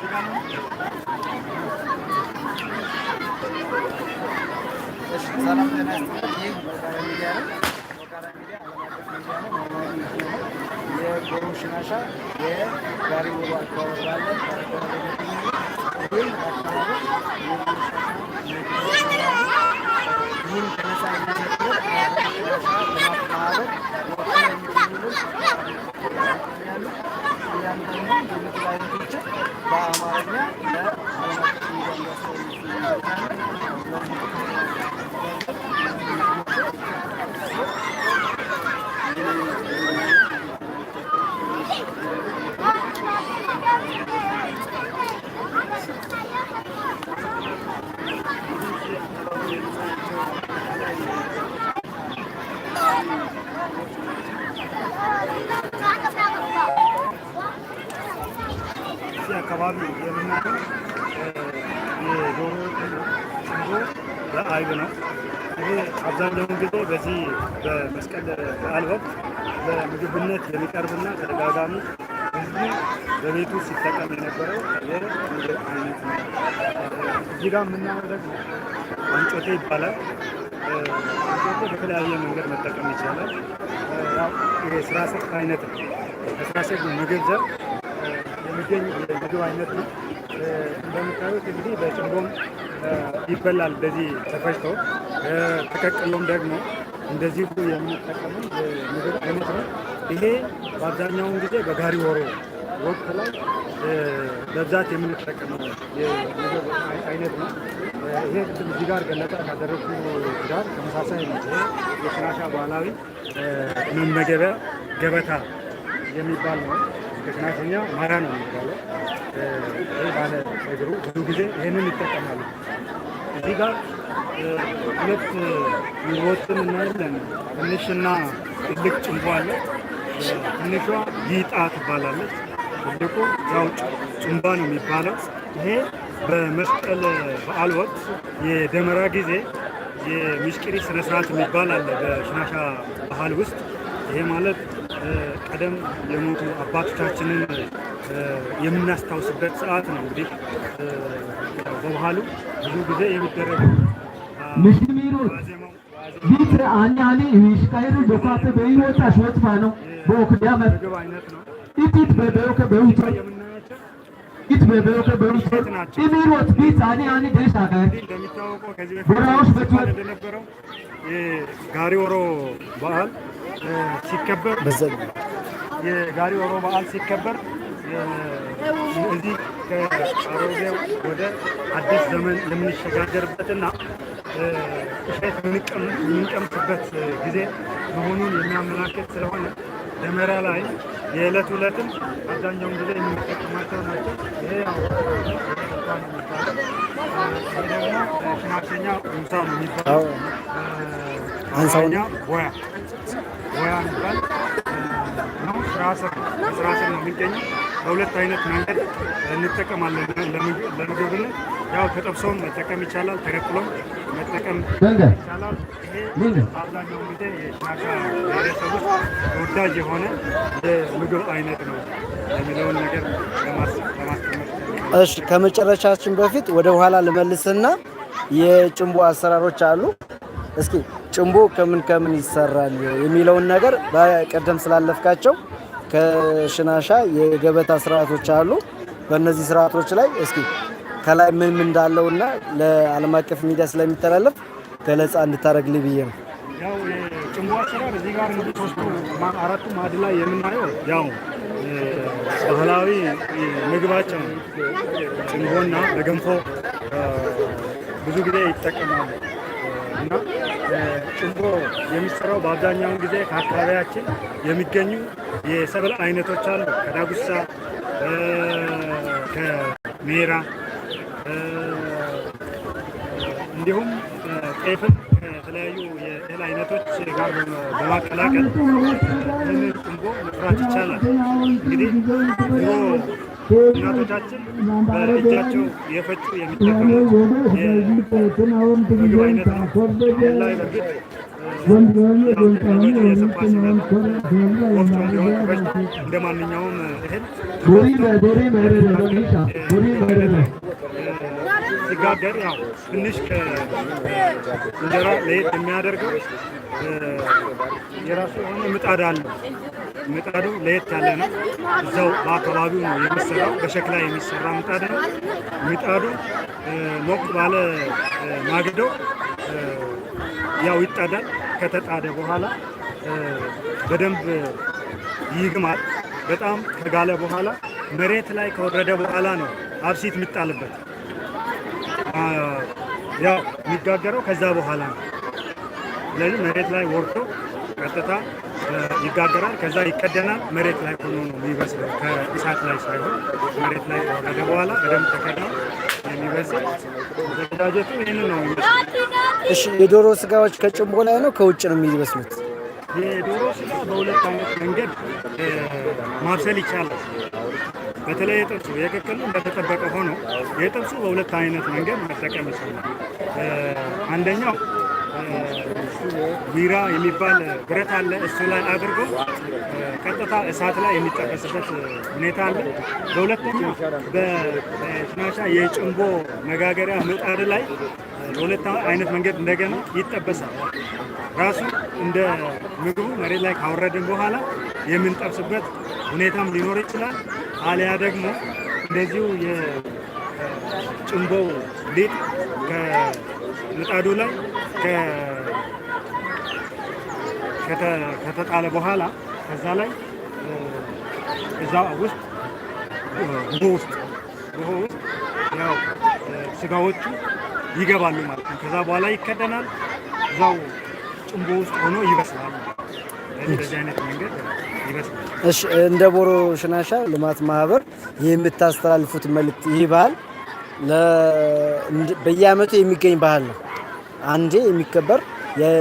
Salam denesin. Ye, buradan gidelim. Buradan gidelim. Ye, kurum şınaşa. Ye, gari ulan kovalarla. Ye, Yin tenesa inanıyor. Yapmalı. Yapmalı. Yapmalı. Yapmalı. Yapmalı. Yapmalı. Yapmalı damadına ve damat በመስቀል በዓል ወቅት ለምግብነት የሚቀርብና ተደጋጋሚ ህዝቡ በቤቱ ሲጠቀም የነበረው የምግብ አይነት ነው። እዚህ ጋር የምናየው አንጮቴ ይባላል። አንጮቴ በተለያየ መንገድ መጠቀም ይቻላል። ስራ ስር አይነት ነው። ከስራ ስር ምግብ ዘር የሚገኝ የምግብ አይነት ነው። እንደምታዩት እንግዲህ በጭንቦም ይበላል። በዚህ ተፈጭቶ ተቀቅሎም ደግሞ እንደዚህ የሚጠቀመው የምግብ አይነት ነው። ይሄ በአብዛኛውን ጊዜ በጋሪ ወሮ ወቅት ላይ በብዛት የምንጠቀመው የምግብ አይነት ነው። ይሄ እዚህ ጋር ገለጻ ካደረጉ ጋር ተመሳሳይ ነው። ይሄ የሽናሻ ባህላዊ መመገቢያ ገበታ የሚባል ነው። ከሽናሽኛ ማራ ነው የሚባለው። ይህ ባለ እግሩ ብዙ ጊዜ ይህንን ይጠቀማሉ እዚህ ጋር ሁለት ወጥን እናያለን። ትንሽና ትልቅ ጭንቦ አለ። ትንሿ ጊጣ ትባላለች። ትልቁ ያው ጭንባ ነው የሚባለው። ይሄ በመስቀል በዓል ወቅት የደመራ ጊዜ የሚሽቅሪ ስነስርዓት የሚባል አለ በሽናሻ ባህል ውስጥ። ይሄ ማለት ቀደም የሞቱ አባቶቻችንን የምናስታውስበት ሰዓት ነው። እንግዲህ በባህሉ ብዙ ጊዜ የሚደረገው ሚሽሚሩት ይትር አኒ አኒ ይሽካይሩ ዶካተ በይወጣ ሾጥፋ ነው በኦክዲያ መት ኢቲት በበዮከ በዊቶር ኢት በበዮከ በዊቶር ኢሚሮት ቢት አኒ አኒ ደሽ አገር ቦራውስ በትወት የጋሪ ወሮ በዓል ሲከበር የጋሪ ወሮ በዓል ሲከበር እዚህ ከአሮጌው ወደ አዲስ ዘመን የምንሸጋገርበትና እሸት የምንቀምጥበት ጊዜ መሆኑን የሚያመላክት ስለሆነ ደመራ ላይ የዕለት ዕለትም አብዛኛውን ጊዜ የምንጠቀማቸው ናቸው። ይሄ የሚባለው ደግሞ ሽናክተኛ ሙሳ ነው የሚባለው። አንሳውኛ ወያ ቦያ የሚባል ነው። ስራ ስር ነው የሚገኘው። በሁለት አይነት መንገድ እንጠቀማለን ለምግብነት። ያው ተጠብሶም መጠቀም ይቻላል። ተቀቅሎም ተወዳጅ የሆነ የምግብ አይነት ነው የሚለውን ነገር እሺ ከመጨረሻችን በፊት ወደ ኋላ ልመልስና የጭንቦ አሰራሮች አሉ። እስኪ ጭንቦ ከምን ከምን ይሰራል የሚለውን ነገር በቀደም ስላለፍካቸው ከሽናሻ የገበታ ስርዓቶች አሉ። በእነዚህ ስርዓቶች ላይ እስኪ ከላይ ምን ምን እንዳለው እና ለዓለም አቀፍ ሚዲያ ስለሚተላለፍ ገለጻ እንድታደርግልኝ ብዬ ነው። ያው ጭንቧ አሰራር እዚህ ጋር እንግዲህ ሶስቱ አራቱ ማዕድ ላይ የምናየው ያው ባህላዊ ነው። ጭንቦና በገንፎ ብዙ ጊዜ ይጠቀማሉ እና ጭንቦ የሚሰራው በአብዛኛውን ጊዜ ከአካባቢያችን የሚገኙ የሰብል አይነቶች አሉ። ከዳጉሳ፣ ከሜራ እንዲሁም ጤፍን ከተለያዩ የእህል አይነቶች ጋር በማቀላቀል እህል ቁንቦ መስራት ይቻላል። እንግዲህ ድሮ እናቶቻችን በእጃቸው የፈጩ የሚጠቀሙት የምግብ አይነት ነው። ላይ እንደ ማንኛውም እህል ሲጋገር ያው ትንሽ እንጀራ ለየት የሚያደርገው የራሱ የሆነ ምጣድ አለው። ምጣዱ ለየት ያለ ነው። እዛው በአካባቢው ነው የሚሰራው። በሸክላ የሚሰራ ምጣድ ነው። ምጣዱ ሞቅ ባለ ማግዶ ያው ይጣዳል። ከተጣደ በኋላ በደንብ ይግማል። በጣም ከጋለ በኋላ መሬት ላይ ከወረደ በኋላ ነው አብሲት የሚጣልበት። ያው የሚጋገረው ከዛ በኋላ ነው። ስለዚህ መሬት ላይ ወርዶ ቀጥታ ይጋገራል። ከዛ ይቀደናል። መሬት ላይ ሆኖ ነው የሚበስለው፣ ከእሳት ላይ ሳይሆን መሬት ላይ ከወረደ በኋላ በደንብ ተከዳ የሚበስል አዘገጃጀቱ ይህን ነው እሺ፣ የዶሮ ስጋዎች ከጭንቦ ላይ ነው ከውጭ ነው የሚበስሉት? የዶሮ ስጋ በሁለት አይነት መንገድ ማብሰል ይቻላል። በተለይ የጥብሱ የቅቅሉ እንደተጠበቀ ሆኖ የጥብሱ በሁለት አይነት መንገድ መጠቀም ይችላል። አንደኛው ዊራ የሚባል ብረት አለ። እሱ ላይ አድርጎ ቀጥታ እሳት ላይ የሚጠበስበት ሁኔታ አለ። በሁለተኛ በናሻ የጭንቦ መጋገሪያ ምጣድ ላይ በሁለት አይነት መንገድ እንደገና ይጠበሳል። ራሱ እንደ ምግቡ መሬት ላይ ካወረድን በኋላ የምንጠብስበት ሁኔታም ሊኖር ይችላል። አሊያ ደግሞ እንደዚሁ የጭንቦ ሊጥ ከምጣዱ ላይ ከተጣለ በኋላ ከዛ ላይ እዛ ውስጥ ጉሆ ውስጥ ጉሆ ውስጥ ያው ስጋዎቹ ይገባሉ ማለት ነው። ከዛ በኋላ ይከደናል። እዛው ጭንቦ ውስጥ ሆኖ ይበስላል። እንደዚህ አይነት መንገድ ይበስላል። እሺ፣ እንደ ቦሮ ሽናሻ ልማት ማህበር የምታስተላልፉት መልእክት ይህ ባህል በየአመቱ የሚገኝ ባህል ነው። አንዴ የሚከበር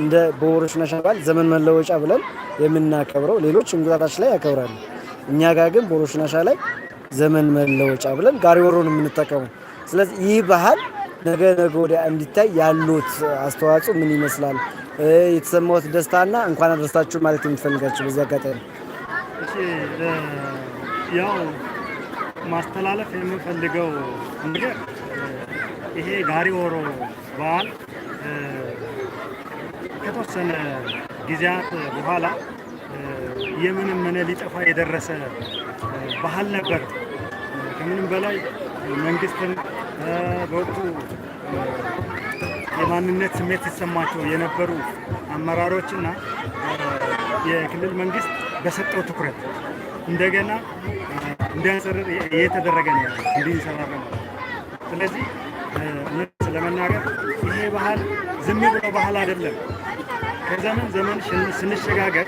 እንደ በወሮች ነሻባል ዘመን መለወጫ ብለን የምናከብረው ሌሎች እንቁጣጣሽ ላይ ያከብራሉ። እኛ ጋር ግን ቦሮሽ ነሻ ላይ ዘመን መለወጫ ብለን ጋሪ ወሮን የምንጠቀመው። ስለዚህ ይህ ባህል ነገ ነገ ወዲያ እንዲታይ ያሉት አስተዋጽኦ ምን ይመስላል? የተሰማሁት ደስታና እንኳን አደረሳችሁ ማለት የምትፈልጋቸው በዚህ አጋጣሚ ያው ማስተላለፍ የምንፈልገው ነገር ይሄ ጋሪ ወሮ በዓል ከተወሰነ ጊዜያት በኋላ የምንም ምን ሊጠፋ የደረሰ ባህል ነበር። ከምንም በላይ መንግስትን በወቅቱ የማንነት ስሜት ሲሰማቸው የነበሩ አመራሮችና የክልል መንግስት በሰጠው ትኩረት እንደገና እንዲያንጸርር እየተደረገ ነው እንዲንሰራረ ነው። ስለዚህ ለመናገር ባህል ዝም ብሎ ባህል አይደለም። ከዘመን ዘመን ስንሸጋገር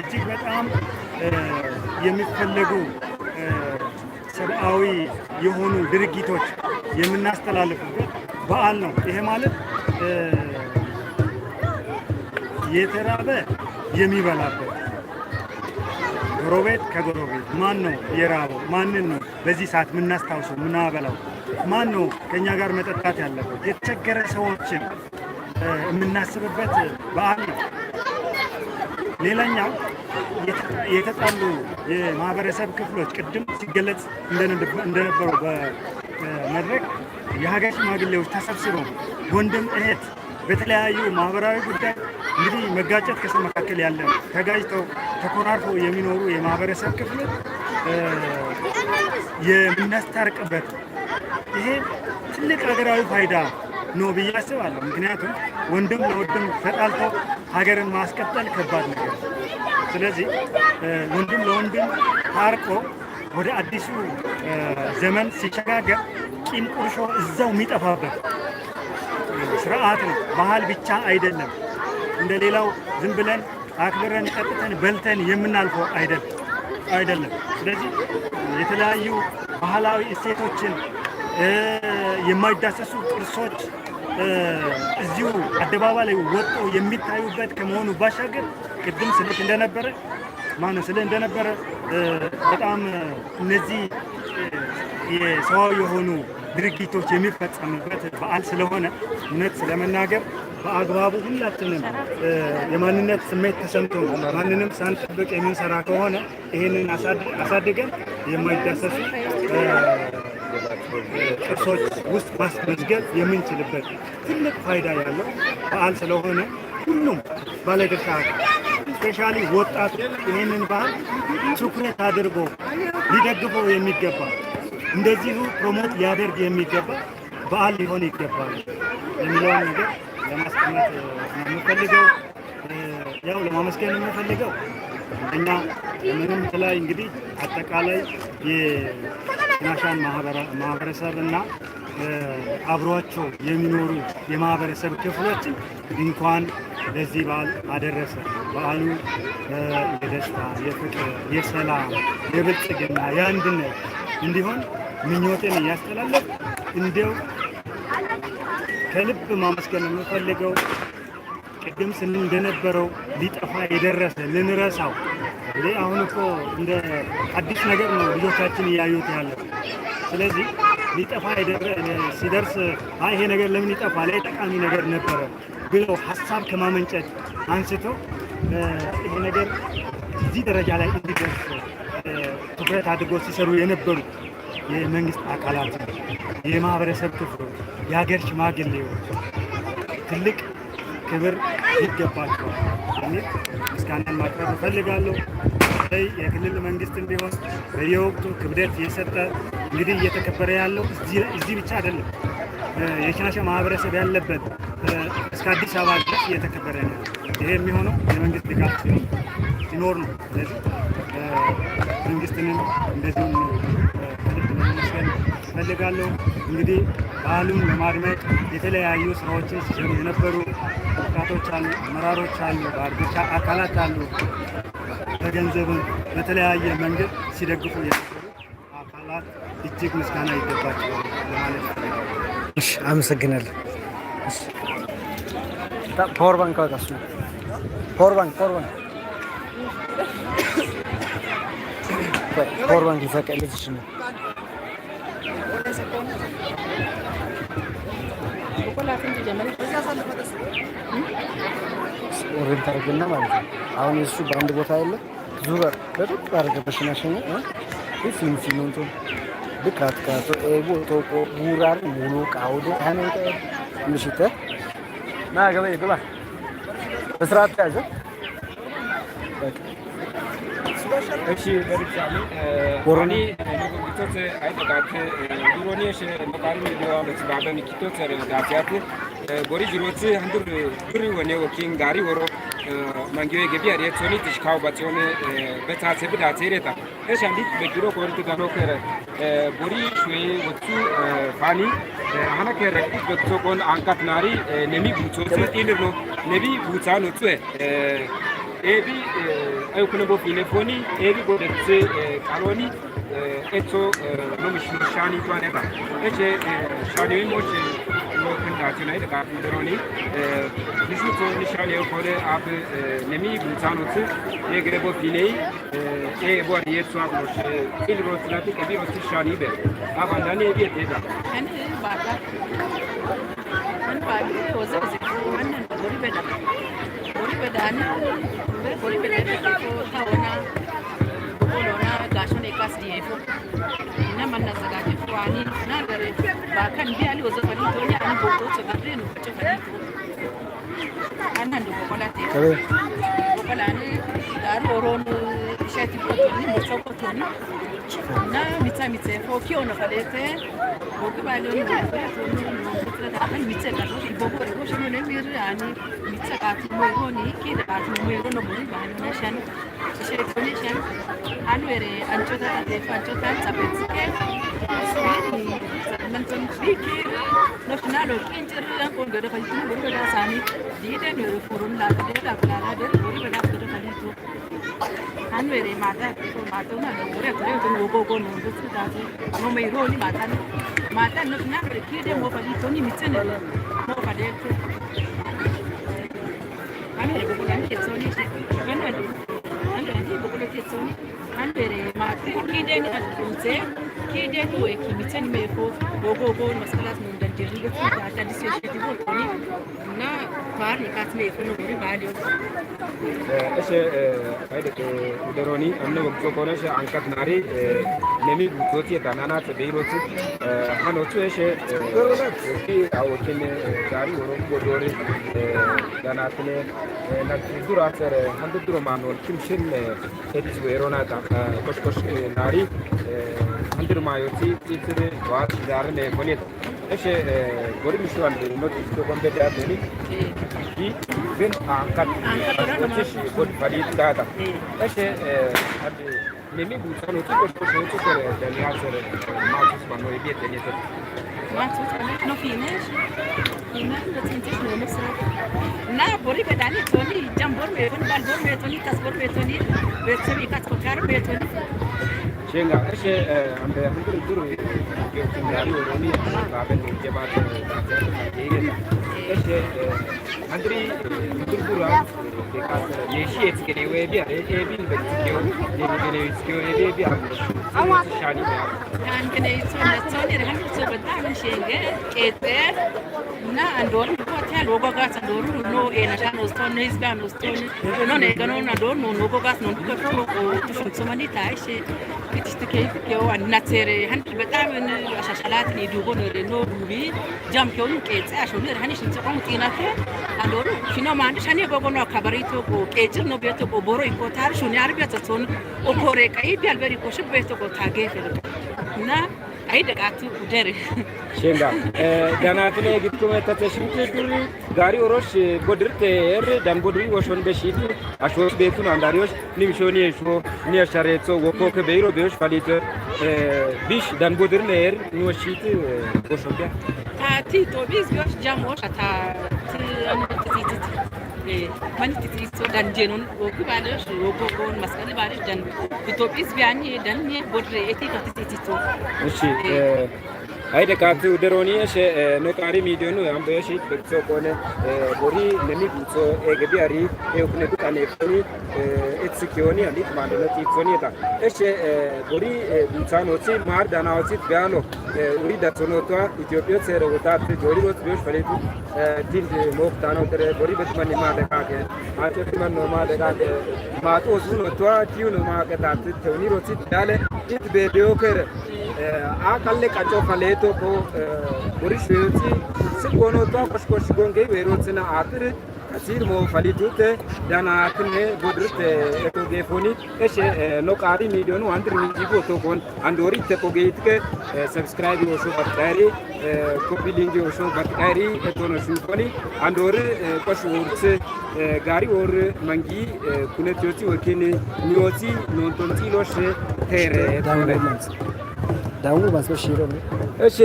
እጅግ በጣም የሚፈለጉ ሰብአዊ የሆኑ ድርጊቶች የምናስተላልፍበት በዓል ነው። ይሄ ማለት የተራበ የሚበላበት ጎረቤት ከጎረቤት ማን ነው የራበው? ማንን ነው በዚህ ሰዓት የምናስታውሰው ምናበላው? ማን ነው ከእኛ ጋር መጠጣት ያለበት? የተቸገረ ሰዎችን የምናስብበት በዓል ነው። ሌላኛው የተጣሉ የማህበረሰብ ክፍሎች ቅድም ሲገለጽ እንደነበሩ በመድረክ የሀገር ሽማግሌዎች ተሰብስበው ወንድም እህት በተለያዩ ማህበራዊ ጉዳይ እንግዲህ መጋጨት ከሰው መካከል ያለ ነው። ተጋጭተው ተኮራርፈው የሚኖሩ የማህበረሰብ ክፍሎች የምናስታርቅበት ይሄ ትልቅ ሀገራዊ ፋይዳ ነው ብዬ አስባለሁ። ምክንያቱም ወንድም ለወንድም ተጣልቶ ሀገርን ማስቀጠል ከባድ ነገር። ስለዚህ ወንድም ለወንድም ታርቆ ወደ አዲሱ ዘመን ሲሸጋገር ቂም ቁርሾ እዛው የሚጠፋበት ስርዓት ነው። ባህል ብቻ አይደለም። እንደ ሌላው ዝም ብለን አክብረን ቀጥተን በልተን የምናልፈው አይደለም አይደለም። ስለዚህ የተለያዩ ባህላዊ እሴቶችን የማይዳሰሱ ቅርሶች እዚሁ አደባባይ ላይ ወጥቶ የሚታዩበት ከመሆኑ ባሻገር ቅድም ስልክ እንደነበረ ማነው ስለ እንደነበረ በጣም እነዚህ የሰዋዊ የሆኑ ድርጊቶች የሚፈጸምበት በዓል ስለሆነ እውነት ስለመናገር በአግባቡ ሁላችንም የማንነት ስሜት ተሰምቶ ማንንም ሳንጠብቅ የምንሰራ ከሆነ ይህንን አሳድገን የማይዳሰሱ ቅርሶች ውስጥ ማስመዝገብ የምንችልበት ትልቅ ፋይዳ ያለው በዓል ስለሆነ ሁሉም ባለድርሻ ስፔሻሊ ወጣቱ ይህንን ባህል ትኩረት አድርጎ ሊደግፈው የሚገባ እንደዚሁ ፕሮሞት ሊያደርግ የሚገባ በዓል ሊሆን ይገባል የሚለውን ነገር ለማስቀመጥ የምፈልገው ያው ለማመስገን የምፈልገው እኛ ምንም ላይ እንግዲህ አጠቃላይ ማህበረሰብ እና አብሯቸው የሚኖሩ የማህበረሰብ ክፍሎችን እንኳን ለዚህ በዓል አደረሰ። በዓሉ የደስታ፣ የፍቅር፣ የሰላም፣ የብልጽግና፣ የአንድነት እንዲሆን ምኞቴን እያስተላለፍ እንዲው ከልብ ማመስገን የምፈልገው ቅድም ስንል እንደነበረው ሊጠፋ የደረሰ ልንረሳው እንዴ አሁን እኮ እንደ አዲስ ነገር ነው ልጆቻችን እያዩት ያለ። ስለዚህ ሊጠፋ ሲደርስ አይ ይሄ ነገር ለምን ይጠፋ ላይ ጠቃሚ ነገር ነበረ ብሎ ሀሳብ ከማመንጨት አንስቶ ይሄ ነገር እዚህ ደረጃ ላይ እንዲደርስ ትኩረት አድርጎ ሲሰሩ የነበሩ የመንግስት አካላት፣ የማህበረሰብ ክፍሎች፣ የሀገር ሽማግሌዎች ትልቅ ክብር ይገባቸዋል በሚል ምስጋናን ማቅረብ እፈልጋለሁ። በተለይ የክልል መንግስትም ቢሆን በየወቅቱ ክብደት የሰጠ እንግዲህ እየተከበረ ያለው እዚህ ብቻ አይደለም። የሻሸ ማህበረሰብ ያለበት እስከ አዲስ አበባ ድረስ እየተከበረ ነው። ይሄ የሚሆነው የመንግስት ድጋፍ ሲኖር ነው። ስለዚህ መንግስትንም እንደዚሁም መስገን እፈልጋለሁ። እንግዲህ ባህሉም ለማድመቅ የተለያዩ ስራዎችን ሲሰሩ የነበሩ ወጣቶች አሉ፣ አመራሮች አሉ፣ ባለድርሻ አካላት አሉ። በገንዘብም በተለያየ መንገድ ሲደግፉ የነበሩ አካላት እጅግ ምስጋና ይገባቸዋል ለማለት አመሰግናለሁ። ፓወር ባንክ አወጣ፣ ፓወር ባንክ ፓወር ባንክ ፓወር ባንክ ይፈቀድልሽ ነው ኦሬንት አድርገና ማለት ነው። አሁን እሱ በአንድ ቦታ ያለ ዙር በደንብ አድርገህ በሽናሽን ፊልም ፊልምቱ ብቃት ካቶ ኤቦ ቶቆ ጉራን ሙሉ ቃውዶ ታነቀ ምሽተ ና ገበ ይግባ በስርዓት ያዘ። እሺ በርቻሉ ወሮኒ ቶት አይጠቃት ዱሮኒ ሽ መቃሪ ዲዋ በትባበን ኪቶት ረጋፊያቱ Eh, bori jurwatsi handur duri eh, wane wakin gari woro eh, mangiwe gebi ari tsoni tishkau batsone beta tsebi da tsereta e shandi be duro ko rito dano kere bori shwe watsu fani hana kere ku betso kon ankat nari nemi butso tse tinirno nebi butsa no tswe ebi e ayukuna e bo pinefoni ebi bo detse kaloni eto e nomishin shani twaneta eche shani moche ክንዳችሁ ላይ ጥቃት መድሮኒ ንሹቶ ንሻል የኮደ አብ ነሚ ጉንሳኖት የግረቦ ፊሌይ ኤቦር የርሷ ብሎሽ ኢል ሮትላቲ ቀቢ ሮትሻኒ በ አብ አንዳኒ የቢ ቴዳ አንት ባታ አንት ባታ ቶዘ ዚ አንነ ቦሪ በዳ ቦሪ በዳ አነ ቦሪ በዳ ታወና ቦሎና ጋሽን ኤካስ ዲኤፎ पानी ना करे बाखन भी आली वजह पड़ी तो यानी बोतो सगर रे नु बच्चे पड़ी तो अन्ना नु बोला ते करे बोला ने दार ओरोन शेती पोतोनी मोचो पोतोनी na mitsa mitse foki ono falete boku bali onu bakın mitse kato boku ego şunu ne bir yani mitse katı mı ego ni ki de katı mı ego no buri bali ne şen şey kone şen anvere ançota tefa ançota sapetike منتم ف ي ك u ر نحن لو كنت رأيك ونقدر خليتنا بربع لساني ديدا نرفورون لا تدير أبلا لا تدير بربع لا تدير خليتو 한외리 마다 마도나 노래 그래 좀 오고 오고 노는 것 같아 너무 이러니 마다 마다 너 그냥 그렇게 돼 뭐가지 돈이 미쳤네 뭐가 돼 아니 이거 그냥 개소리 그냥 안 돼. 안 돼. 이거 그냥 개소리 안 돼. 마다 이렇게 되는 거 Keedeetu ekiimicha nima eekoo bogoo boo masqalaas nu dandeenye adda adda dispeeshinii bootanii እና ፓር ንቃት ነ የፈነ ወሪ ባዲዮ እሺ አይደቅ ደሮኒ አምነ ወግቶ ኮነሽ አንቀት ናሪ ነሚ ጉቶቲ የታናናት ቤሮት ሀኖቹ እሺ ወኪ አዎችን ዳሪ ወሮም ጎዶሪ ዳናትነ ናት ዱራ ሰር አንድ ድሮ ማኖል ኪምሽን ሄዲዝ ወሮና ታ ኮሽኮሽ ናሪ ከልዲ ድማ de ፂፍር ዋት ዛርን ኮኔት እሺ ጎሪ ምሽዋን ኖት ኮምቤዳ ኒ ግን አንካት ሽ ጎድ ፈሊት ዳታ እሺ nemi bulsan otur koş koş otur kere deli hazır mahsus bana öyle bir deli hazır. Mahsus bana no finish. Yemek de tintiş ne mesela. Na bori bedani toni jambor me toni balbor me toni tasbor me toni ve toni kat kokar me toni shenga ashe ambe akuru kuru ke tingari oroni kabe no jeba ke yege ashe andri kuru kuru ke kas ne shi etke ne we bia e bin be ke ne ne ne etke ne bia ama shani ya kan ke ne tsone tsone ne kan so ba ta shenge ete na andoni kotya logogas andoru no enata nostone isga nostone nonegano nado nonogogas nondugatolo tufunksomani taishe itishtikeyfkeo annatsere hanki betamin ashashalatin idugonere no gubi jamkeonu qeexe ashonere hanishintsaqom xinate andoru shinoman shane gogono akabaritogo qeecirno betoko boro ikotar shune arbiatsaton okoreqai bialberiko shibetoko tagefelqa na አይደቃቱ ደር ሼንጋ ዳናትነ ግጥኩመታተሽም ተሽኩሪ ጋሪ ኦሮሽ ጎድርት ኤር ዳንጎድሪ ወሾን በሺት አሾስ ቤቱን አንዳሪዎች ኒምሾኒ ሾ ኒያሻሬቶ ወኮከ በይሮ ቤዮሽ ፋሊቶ ቢሽ ዳንጎድር ነር ኒወሺት ወሾቢያ ታቲ ቶቢዝ ቢዮሽ ጃሞሽ አታ ትንቲ ማለት ቲትሪሶ ዳንጄኑን ኦኩባለሽ ኦኮኮን መስቀል ባለሽ ዳን ኢትዮጵያስ ቢያን ዳን ቦድሬ ኤቲ ከትቲቲቶ እሺ Haide ca tu de ronie și noi mi milionul am băie și pe ce pone bori nemic să e găbiari e când duc ane fori e țichioni alit mandele țichioni ta. Eșe bori bunțan oți mar de ana oți beano uri de sonotoa etiopia se răuta pe jori oți bioș fale tu din moc tano care bori bet mani ma de cate. Ace pe man normal de cate. Ma tu oți nu toa tiu nu ma că ta te uniro ți dale it be de care አካሌ ቀጮ ከሌቶ ኮ ቡሪሽቲ ስጎኖቶ ኮሽኮሽጎንጌ ቤሮትና አጥር ከሲርሞ ፈሊቱት ደናትን ቦድርት ኤኮጌፎኒ እሽ ኖቃሪ ሚሊዮኑ አንድር ሚጂቡ ቶኮን አንድ ወሪ ተኮጌይትከ ሰብስክራይብ ዮሾ በትቃሪ ኮፒ ሊንግ ዮሾ በትቃሪ ኤቶኖሹኮኒ አንድ ወር ቆሽ ወርት ጋሪ ወር መንጊ ኩነትዮቲ ወኪን ኒዮቲ ኖንቶንጢሎሽ ቴረ ዳውላይ እሺ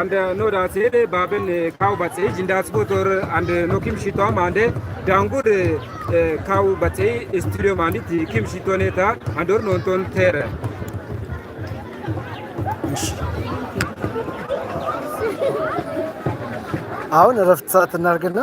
አንደ ኖዳ ሲሄድ ባብን ካው በጽሂጅ እንዳስቡ ቶር አንድ ኖ ሽቷም አንደ ዳንጉድ ካው በጽሂ ስቱዲዮም አንዲት ኪም ሽቶኔታ አንዶር ኖንቶን ቴረ አሁን እረፍት ሰዓት እናድርግና